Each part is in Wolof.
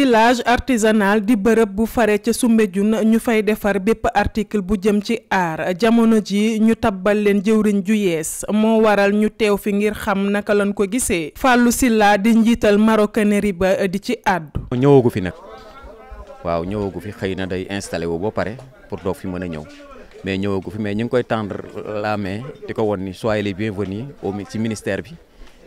village artisanal di bërëb bu fare ca Soumbédioune ñu fay defar bépp article bu jëm ci aar jamono ji ñu tabal leen jëwriñ ju yees moo waral ñu teew fi ngir xam naka lañ ko gisee fàllu Silla di njiital maroquinerie ba di ci àddu ñëwagu fi nag waaw ñëwagu fi xëy na day installé wu ba pare pour doog fi mën a ñëw mais ñëwagu fi mais ñu ngi koy tendre la main di ko won ni soyez les bienvenus au ci ministère bi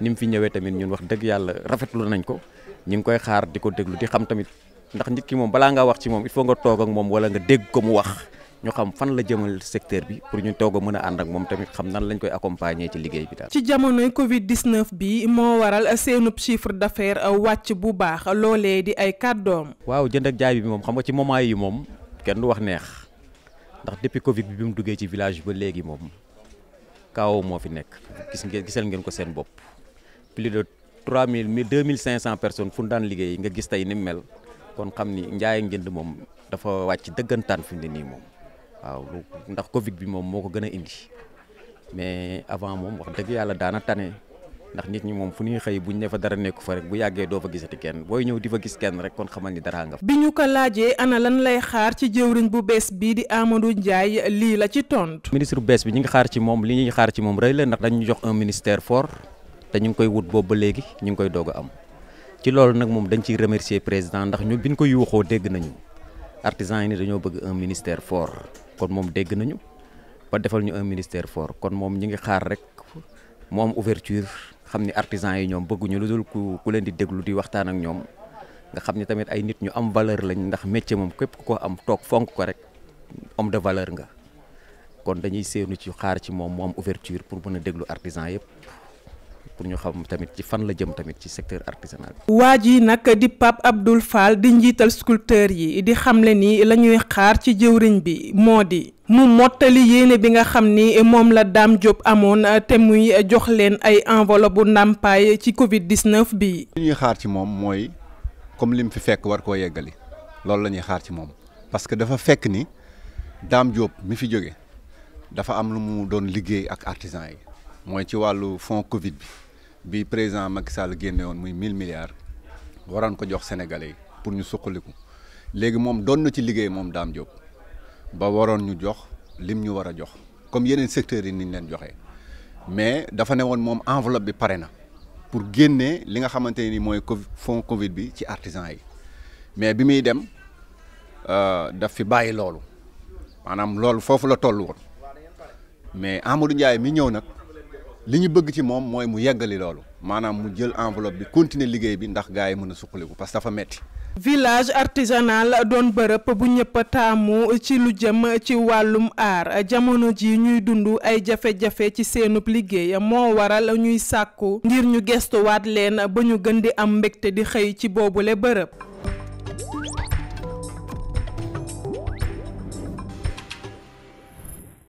ni mu fi ñëwee tamit ñun wax dëgg yàlla rafetlu nañ ko ñu ngi koy xaar di ko déglu di xam tamit ndax nit ki moom balaa nga wax ci moom il faut nga toog ak moom wala nga dégg ko mu wax ñu xam fan la jëmal secteur bi pour ñu toog a mën a ànd ak moom tamit xam nan lañ koy accompagner ci liggéey bi daal. ci jamonoy Covid 19 bi moo waral seenub chiffre a wàcc bu baax loolee di ay kàddoom. waaw jënd ak jaay bi moom xam nga ci moment yi moom kenn du wax neex ndax depuis Covid bi mu duggee ci village ba léegi moom kaaw moo fi nekk gis ngeen gisal ngeen ko seen bopp plus 3000 mille 2500 personnes fu mu daan liggéey nga gis tey ni mu mel kon xam ni njaay njënd moom dafa wàcc dëggantaan fi mu ne nii moom waaw ndax Covid bi moom moo ko gën a indi mais avant moom wax dëgg yàlla daana tane ndax nit ñi moom fu ñuy xëy buñ ne fa dara nekku fa rek bu yàggee doo fa gisati kenn booy ñëw di fa gis kenn rek kon xamal ni dara nga fa. bi ñu ko laajee ana lan lay xaar ci jëwriñ bu bees bii di Amadou Ndiaye lii la ci tontu. ministre bu bees bi ñu ngi xaar ci moom li ñuy xaar ci moom rëy la ndax dañu jox un ministère fort. te ñu ngi koy wut boobu ba léegi ñu ngi koy doog a am ci loolu nag moom dañ ciy remercier président ndax ñu biñ ko yuuxoo dégg nañu artisans yi ni dañoo bëgg un ministère fort kon moom dégg nañu ba defal ñu un ministère fort kon moom ñi ngi xaar rek mu am ouverture xam ni artisans yi ñoom bëgguñu lu dul ku ku leen di déglu di waxtaan ak ñoom nga xam ni tamit ay nit ñu am valeur lañ ndax métier moom képp ku ko am toog fonk ko rek homme de valeur nga kon dañuy seenu ci xaar ci moom mu am ouverture pour a déglu artisans yëpp pour ñu xam tamit ci fan la jëm tamit ci secteur artisanal bi. waa ji nag di Pape Abdoul Fall di njiital sculpteur yi di xamle ni la ñuy xaar ci jëwriñ bi moo di. mu mottali yéene bi nga xam ni moom la Dame Diop amoon eh, te muy jox leen ay enveloppe bu ndàmpaay ci Covid 19 bi. li ñuy xaar ci moom mooy comme li mu fi fekk war koo yeggali loolu la ñuy xaar ci moom parce que dafa fekk ni Dame Diop mi fi jóge dafa am lu mu doon liggéey ak artisan yi. mooy ci wàllu fonds Covid bi bi président Macky Sall génne woon muy 1000 milliards waroon ko jox sénégalais yi pour ñu suqaliku léegi moom doon na ci liggéey moom Dame Diop ba waroon ñu jox lim ñu war a jox comme yeneen secteurs yi ni ñu leen joxee mais dafa ne woon moom enveloppe bi pare na pour génnee li nga xamante ni mooy fonds Covid bi ci artisan yi mais bi muy dem euh, daf fi bàyyi loolu maanaam loolu foofu la toll woon mais Amadou Ndiaye mi ñëw nag. li ñu bëgg ci moom mooy mu yeggali loolu maanaam mu jël enveloppe bi continuer liggéey bi ndax gars yi mën a suqaliku parce que dafa metti village artisanal doon bërëb bu ñëpp taamu ci lu jëm ci wàllum aar jamono ji ñuy dund ay jafe-jafe ci seenub liggéey moo waral ñuy sàkku ngir ñu gestuwaat leen ba ñu gën di am mbégte di xëy ci boobule bërëb